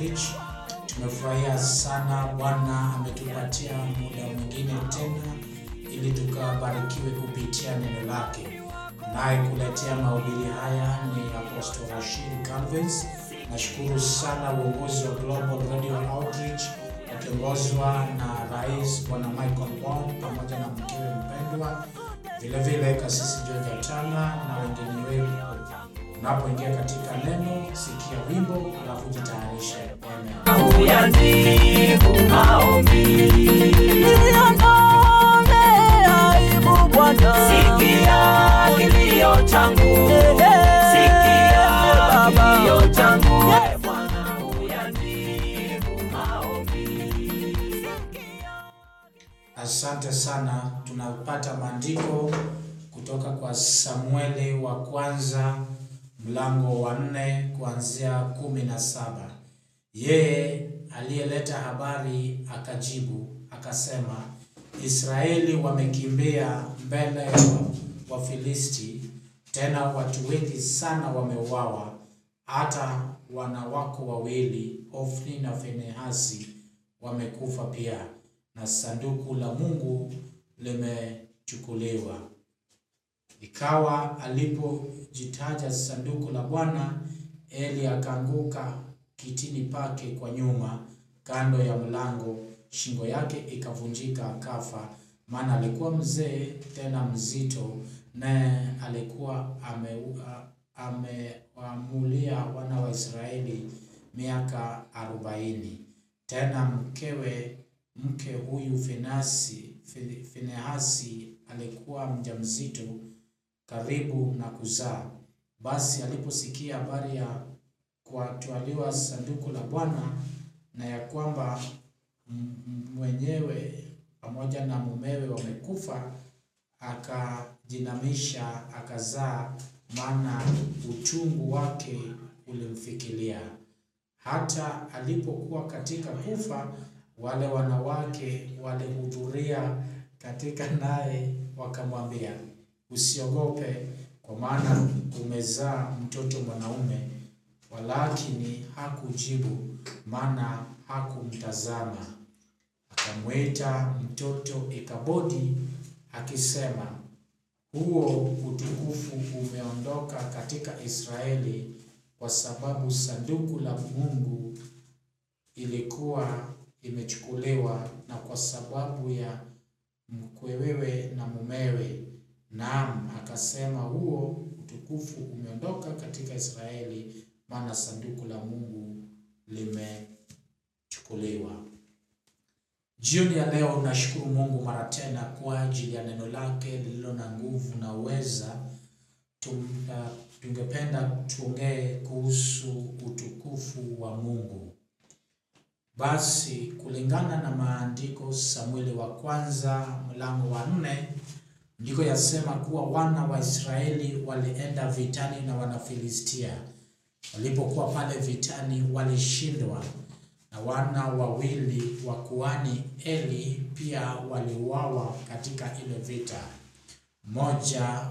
Outreach. Tumefurahia sana, Bwana ametupatia muda mwingine tena ili tukabarikiwe kupitia neno lake. Naye kuletea mahubiri haya ni Apostle Rashid Calvins. Nashukuru sana uongozi wa Global Radio Outreach ukiongozwa na Rais Bwana Michael Bond pamoja na mkewe mpendwa, vilevile Kasisi George tana na wengine wengi Unapoingia katika neno, sikia wimbo alafu jitayarishe. Asante sana. Tunapata maandiko kutoka kwa Samueli wa kwanza mlango wa nne kuanzia kumi na saba. Yeye aliyeleta habari akajibu akasema, Israeli wamekimbia mbele ya Wafilisti, tena watu wengi sana wameuawa, hata wanawako wawili Ofni na Finehasi wamekufa pia, na sanduku la Mungu limechukuliwa. Ikawa alipojitaja sanduku la Bwana, Eli akaanguka kitini pake kwa nyuma kando ya mlango, shingo yake ikavunjika akafa, maana alikuwa mzee tena mzito, naye alikuwa amewaamulia ame wana wa Israeli miaka arobaini. Tena mkewe mke huyu Finehasi alikuwa mjamzito karibu na kuzaa. Basi aliposikia habari ya kuatwaliwa sanduku la Bwana na ya kwamba mwenyewe pamoja na mumewe wamekufa, akajinamisha akazaa, maana uchungu wake ulimfikilia. Hata alipokuwa katika kufa, wale wanawake walihudhuria katika naye, wakamwambia Usiogope, kwa maana umezaa mtoto mwanaume. Walakini hakujibu, maana hakumtazama. Akamwita mtoto Ikabodi akisema, huo utukufu umeondoka katika Israeli, kwa sababu sanduku la Mungu ilikuwa imechukuliwa, na kwa sababu ya mkwewewe na mumewe Naam, akasema huo utukufu umeondoka katika Israeli, maana sanduku la Mungu limechukuliwa. Jioni ya leo nashukuru Mungu mara tena kwa ajili ya neno lake lililo na nguvu na uweza. Ah, tungependa tuongee kuhusu utukufu wa Mungu. Basi kulingana na maandiko, Samueli wa kwanza mlango wa nne ndiko yasema kuwa wana wa Israeli walienda vitani na Wanafilistia. Walipokuwa pale vitani, walishindwa na wana wawili wa kuhani Eli pia waliuawa katika ile vita. Mmoja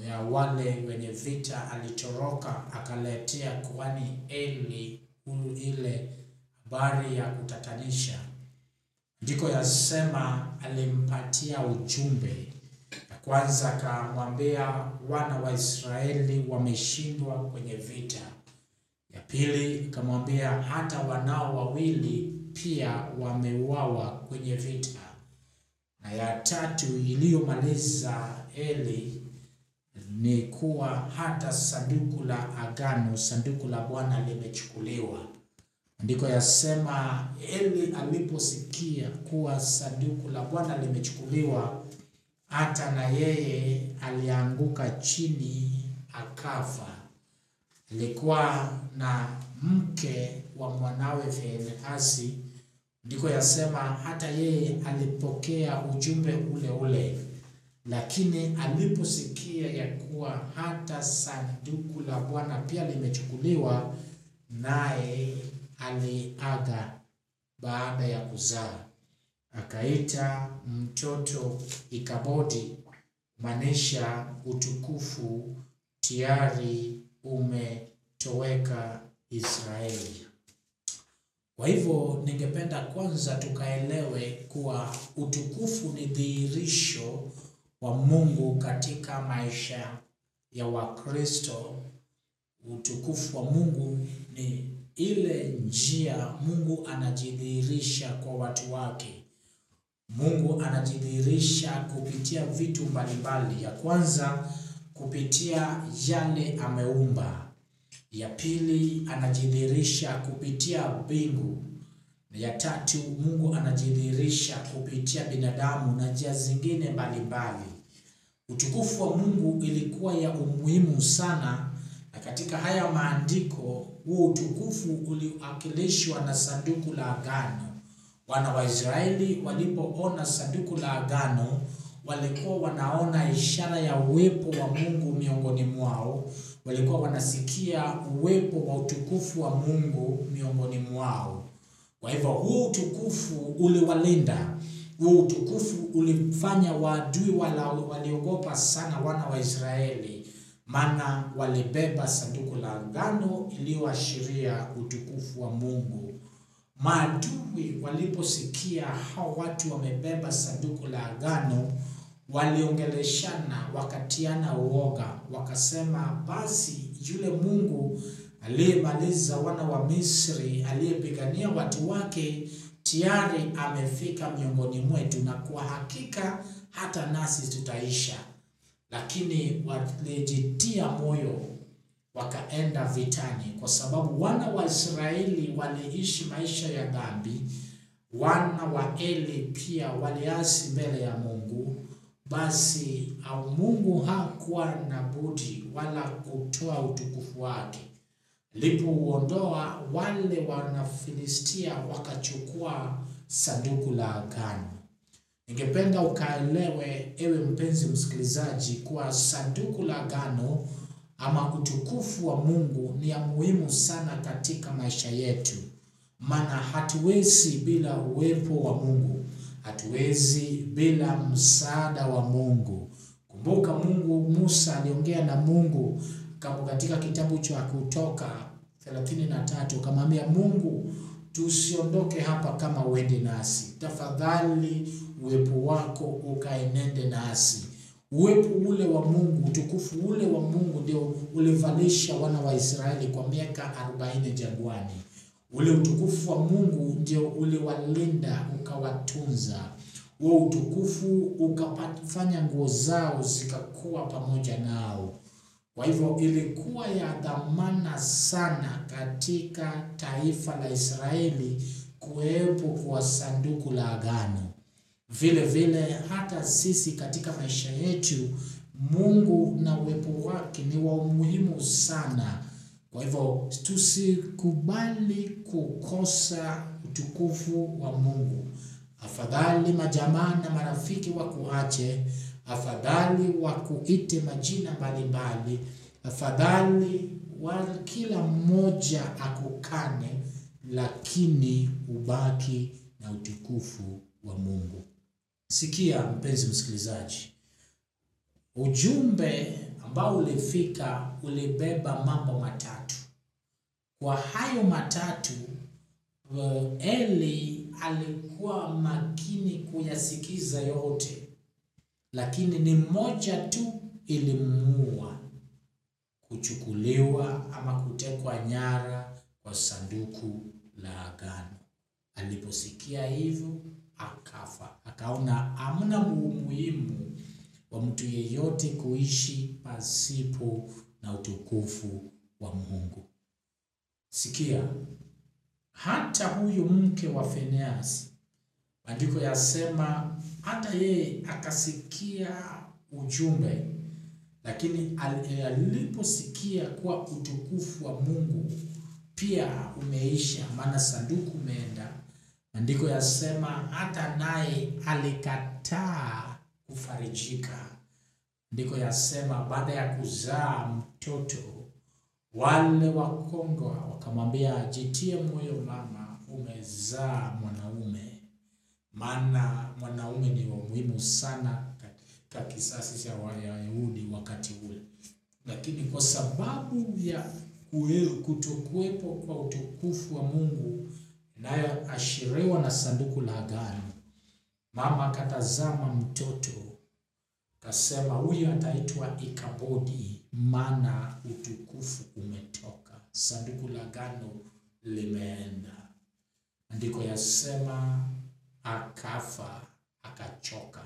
eh, ya wale wenye vita alitoroka akaletea kuhani Eli ile habari ya kutatanisha, ndiko yasema alimpatia ujumbe kwanza akamwambia wana wa Israeli wameshindwa kwenye vita. Ya pili akamwambia hata wanao wawili pia wameuawa kwenye vita, na ya tatu iliyomaliza Eli ni kuwa hata sanduku la agano, sanduku la Bwana limechukuliwa. andiko yasema Eli aliposikia kuwa sanduku la Bwana limechukuliwa hata na yeye alianguka chini akafa. Alikuwa na mke wa mwanawe Finehasi, ndiko yasema hata yeye alipokea ujumbe ule ule, lakini aliposikia ya kuwa hata sanduku la Bwana pia limechukuliwa, naye aliaga baada ya kuzaa akaita mtoto Ikabodi, manisha utukufu tayari umetoweka Israeli. Kwa hivyo ningependa kwanza tukaelewe kuwa utukufu ni dhihirisho wa Mungu katika maisha ya Wakristo. Utukufu wa Mungu ni ile njia Mungu anajidhihirisha kwa watu wake. Mungu anajidhihirisha kupitia vitu mbalimbali. Ya kwanza kupitia yale ameumba, ya pili anajidhihirisha kupitia mbingu, na ya tatu Mungu anajidhihirisha kupitia binadamu na njia zingine mbalimbali. Utukufu wa Mungu ilikuwa ya umuhimu sana, na katika haya maandiko huo utukufu uliwakilishwa na sanduku la agano. Wana wa Israeli walipoona sanduku la agano walikuwa wanaona ishara ya uwepo wa Mungu miongoni mwao, walikuwa wanasikia uwepo wa utukufu wa Mungu miongoni mwao. Kwa hivyo huu utukufu uliwalinda, huu utukufu ulifanya waadui wala waliogopa sana wana wa Israeli, maana walibeba sanduku la agano iliyoashiria utukufu wa Mungu Maadui waliposikia hao watu wamebeba sanduku la agano, waliongeleshana, wakatiana uoga, wakasema, basi yule Mungu aliyemaliza wana wa Misri, aliyepigania watu wake, tayari amefika miongoni mwetu, na kwa hakika hata nasi tutaisha. Lakini walijitia moyo wakaenda vitani, kwa sababu wana wa Israeli waliishi maisha ya dhambi. Wana wa Eli pia waliasi mbele ya Mungu. Basi au Mungu hakuwa na budi wala kutoa utukufu wake. Alipouondoa, wale Wanafilistia wakachukua sanduku la agano. Ningependa ukaelewe, ewe mpenzi msikilizaji, kuwa sanduku la agano ama utukufu wa Mungu ni ya muhimu sana katika maisha yetu, maana hatuwezi bila uwepo wa Mungu, hatuwezi bila msaada wa Mungu. Kumbuka Mungu, Musa aliongea na Mungu kama katika kitabu cha Kutoka 33 kamaambia Mungu, tusiondoke hapa kama uende nasi, tafadhali uwepo wako ukaenende nasi. Uwepo ule wa Mungu, utukufu ule ulivalisha wana wa Israeli kwa miaka 40 jangwani. Ule utukufu wa Mungu ndio uliwalinda ukawatunza, huo utukufu ukafanya nguo zao zikakuwa pamoja nao. Kwa hivyo ilikuwa ya dhamana sana katika taifa la Israeli kuwepo kwa sanduku la agano. Vile vile hata sisi katika maisha yetu Mungu na uwepo wake ni wa umuhimu sana. Kwa hivyo tusikubali kukosa utukufu wa Mungu. Afadhali majamaa na marafiki wakuache, afadhali wakuite majina mbalimbali, afadhali wa kila mmoja akukane, lakini ubaki na utukufu wa Mungu. Sikia mpenzi msikilizaji, Ujumbe ambao ulifika ulibeba mambo matatu. Kwa hayo matatu, eh, Eli alikuwa makini kuyasikiza yote, lakini ni moja tu ilimuua: kuchukuliwa ama kutekwa nyara kwa sanduku la agano. Aliposikia hivyo, akafa, akaona hamna muhimu wa mtu yeyote kuishi pasipo na utukufu wa Mungu. Sikia, hata huyu mke wa Feneasi, maandiko yasema hata yeye akasikia ujumbe, lakini e, aliposikia kuwa utukufu wa Mungu pia umeisha, maana sanduku umeenda, maandiko yasema hata naye alikataa kufarijika. Ndiko yasema baada ya kuzaa mtoto, wale wakongwa wakamwambia, jitie moyo mama, umezaa mwanaume. Maana mwanaume ni wa muhimu sana katika kisasi cha Wayahudi wakati ule, lakini kwa sababu ya kutokuwepo kwa utukufu wa Mungu inayoashiriwa na sanduku la agano Mama akatazama mtoto, kasema huyu ataitwa Ikabodi, maana utukufu umetoka, sanduku la agano limeenda. Andiko yasema akafa akachoka,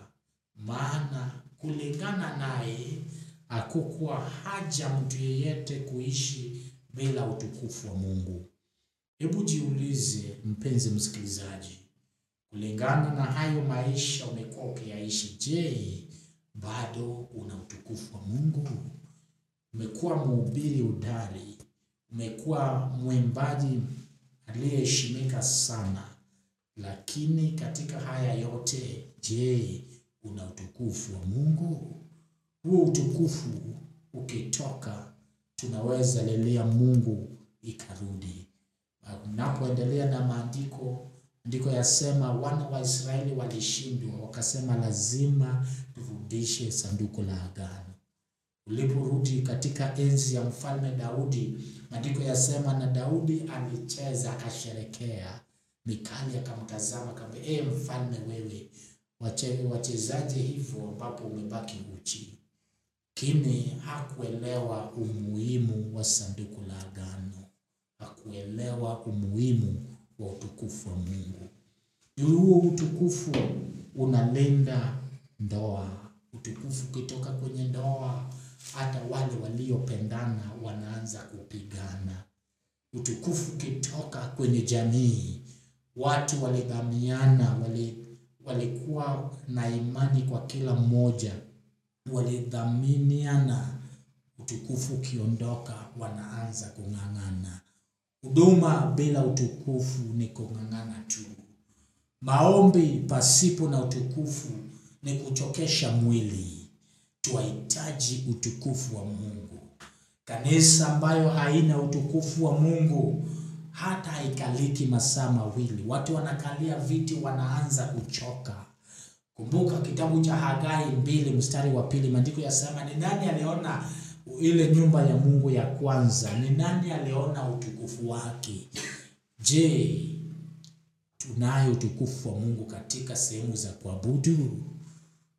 maana kulingana naye hakukuwa haja mtu yeyote kuishi bila utukufu wa Mungu. Hebu jiulize, mpenzi msikilizaji, kulingana na hayo maisha umekuwa ukiyaishi. Je, bado una utukufu wa Mungu? Umekuwa mhubiri udari, umekuwa mwimbaji aliyeheshimika sana, lakini katika haya yote, je, una utukufu wa Mungu? Huo utukufu ukitoka, tunaweza lelea Mungu ikarudi. Unapoendelea na maandiko ndiko yasema wana wa Israeli walishindwa, wakasema lazima turudishe sanduku la agano. Uliporudi katika enzi ya mfalme Daudi, maandiko yasema na Daudi alicheza akasherekea. Mikali akamtazama kambe ee mfalme, wewe wachezaje hivyo ambapo umebaki uchi? Lakini hakuelewa umuhimu wa sanduku la agano, hakuelewa umuhimu wa utukufu wa Mungu. Nuru huo utukufu unalinda ndoa. Utukufu ukitoka kwenye ndoa, hata wale waliopendana wanaanza kupigana. Utukufu ukitoka kwenye jamii, watu walidhamiana, wali walikuwa na imani kwa kila mmoja, walidhaminiana. Utukufu ukiondoka, wanaanza kung'ang'ana. Huduma bila utukufu ni kung'ang'ana tu. Maombi pasipo na utukufu ni kuchokesha mwili. Twahitaji utukufu wa Mungu. Kanisa ambayo haina utukufu wa Mungu hata haikaliki masaa mawili. Watu wanakalia viti, wanaanza kuchoka. Kumbuka kitabu cha Hagai mbili mstari wa pili, maandiko yasema, ni nani aliona ile nyumba ya Mungu ya kwanza, ni nani aliona utukufu wake? Je, tunaye utukufu wa Mungu katika sehemu za kuabudu?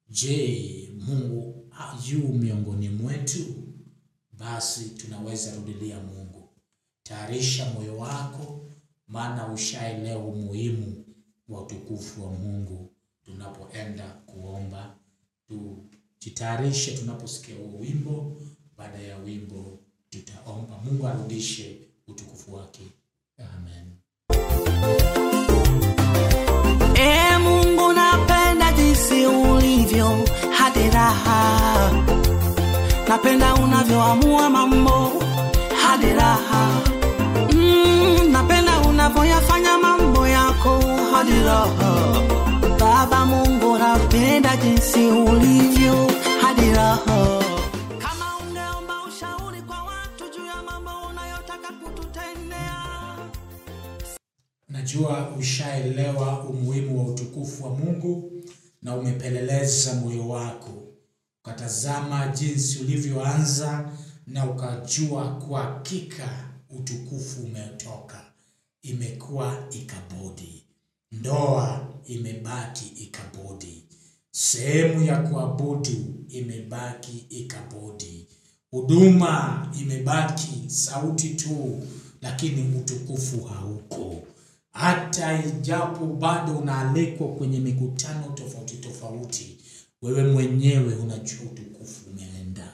Je, Mungu yu miongoni mwetu? Basi tunaweza rudilia Mungu. Tayarisha moyo wako, maana ushaelewa umuhimu wa utukufu wa Mungu tunapoenda kuomba. Tujitayarishe tunaposikia wimbo baada ya wimbo tutaomba Mungu arudishe utukufu wake. Amen. E Mungu, napenda jinsi ulivyo hadi raha, napenda unavyoamua mambo hadi raha mm, napenda unavyoyafanya mambo yako hadi raha. Baba Mungu, napenda jinsi ulivyo najua ushaelewa umuhimu wa utukufu wa Mungu na umepeleleza moyo wako, ukatazama jinsi ulivyoanza na ukajua kwa hakika utukufu umetoka. Imekuwa ikabodi, ndoa imebaki ikabodi, sehemu ya kuabudu imebaki ikabodi, huduma imebaki sauti tu, lakini utukufu hauko hata ijapo bado unaalikwa kwenye mikutano tofauti tofauti, wewe mwenyewe unajua utukufu umeenda.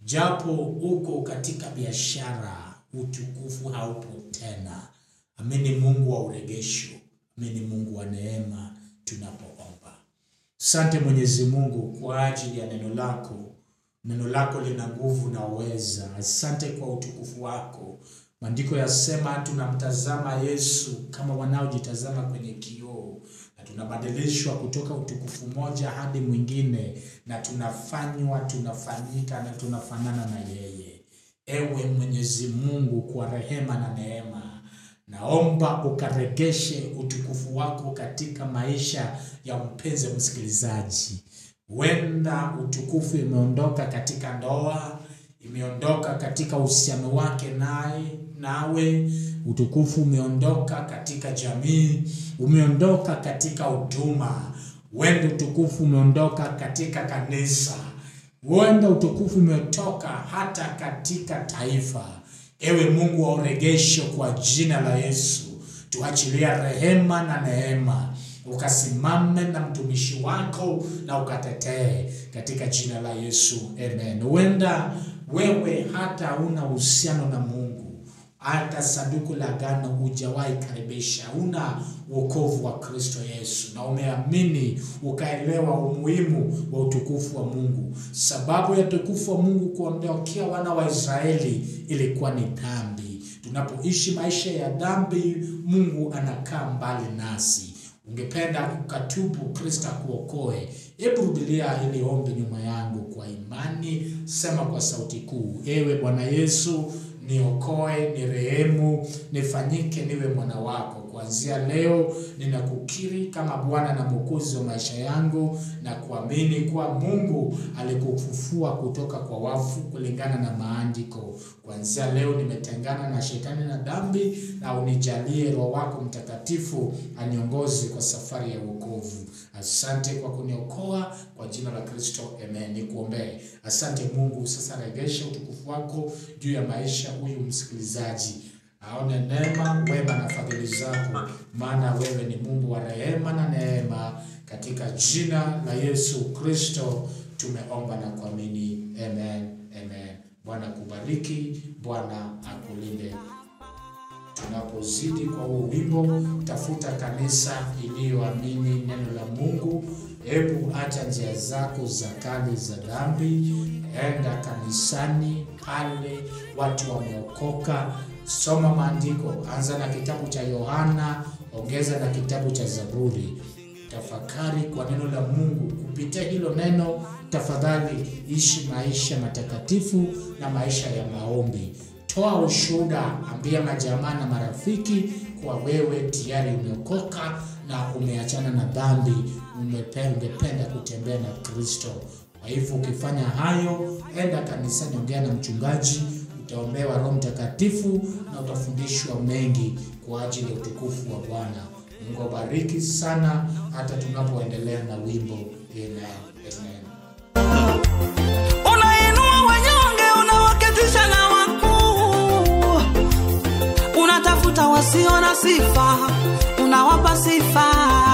Japo uko katika biashara, utukufu haupo tena. Amini Mungu wa uregesho, amini Mungu wa neema tunapoomba. Sante Mwenyezi Mungu kwa ajili ya neno lako. Neno lako lina nguvu na uweza. Asante kwa utukufu wako. Maandiko yasema tunamtazama Yesu kama wanaojitazama kwenye kioo, na tunabadilishwa kutoka utukufu mmoja hadi mwingine, na tunafanywa, tunafanyika na tunafanana na yeye. Ewe Mwenyezi Mungu, kwa rehema na neema, naomba ukaregeshe utukufu wako katika maisha ya mpenzi msikilizaji. Huenda utukufu imeondoka katika ndoa, imeondoka katika uhusiano wake naye nawe, utukufu umeondoka katika jamii, umeondoka katika huduma, wenda utukufu umeondoka katika kanisa, wenda utukufu umetoka hata katika taifa. Ewe Mungu wa uregesho, kwa jina la Yesu tuachilia rehema na neema, ukasimame na mtumishi wako na ukatetee katika jina la Yesu, amen. Huenda wewe hata una uhusiano na Mungu hata sanduku la agano hujawahi karibisha. Una wokovu wa Kristo Yesu na umeamini ukaelewa umuhimu wa utukufu wa Mungu. Sababu ya utukufu wa Mungu kuondokea wana wa Israeli ilikuwa ni dhambi. Tunapoishi maisha ya dhambi, Mungu anakaa mbali nasi. Ungependa kukatubu, Kristo akuokoe? Hebu rudilia hili ombi nyuma yangu kwa imani, sema kwa sauti kuu: Ewe Bwana Yesu, niokoe, nirehemu, nifanyike niwe mwana wako. Kuanzia leo ninakukiri kama Bwana na Mwokozi wa maisha yangu na kuamini kuwa Mungu alikufufua kutoka kwa wafu kulingana na maandiko. Kuanzia leo nimetengana na shetani na dhambi, na unijalie Roho wako Mtakatifu aniongoze kwa safari ya wokovu. Asante kwa kuniokoa kwa jina la Kristo, amen. Nikuombee. Asante Mungu, sasa regesha utukufu wako juu ya maisha huyu msikilizaji aone neema, wema na fadhili zako, maana wewe ni Mungu wa rehema na neema. Katika jina la Yesu Kristo tumeomba na kuamini, amen, amen. Bwana kubariki, Bwana akulinde. Tunapozidi kwa huu wimbo, tafuta kanisa iliyoamini neno la Mungu. Hebu acha njia zako za kali za dhambi, enda kanisani pale, watu wameokoka soma maandiko, anza na kitabu cha Yohana, ongeza na kitabu cha Zaburi. Tafakari kwa neno la Mungu. Kupitia hilo neno, tafadhali ishi maisha matakatifu na maisha ya maombi. Toa ushuhuda, ambia majamaa na marafiki kwa wewe tayari umeokoka na umeachana na dhambi, ungependa kutembea na Kristo. Kwa hivyo ukifanya hayo, enda kanisani, ongea na mchungaji utaombewa Roho Mtakatifu na utafundishwa mengi kwa ajili ya utukufu wa Bwana. Mungu bariki sana, hata tunapoendelea na wimbo ina amen. Unainua wanyonge, unawaketisha na wakuu, unatafuta wasio na sifa, unawapa sifa.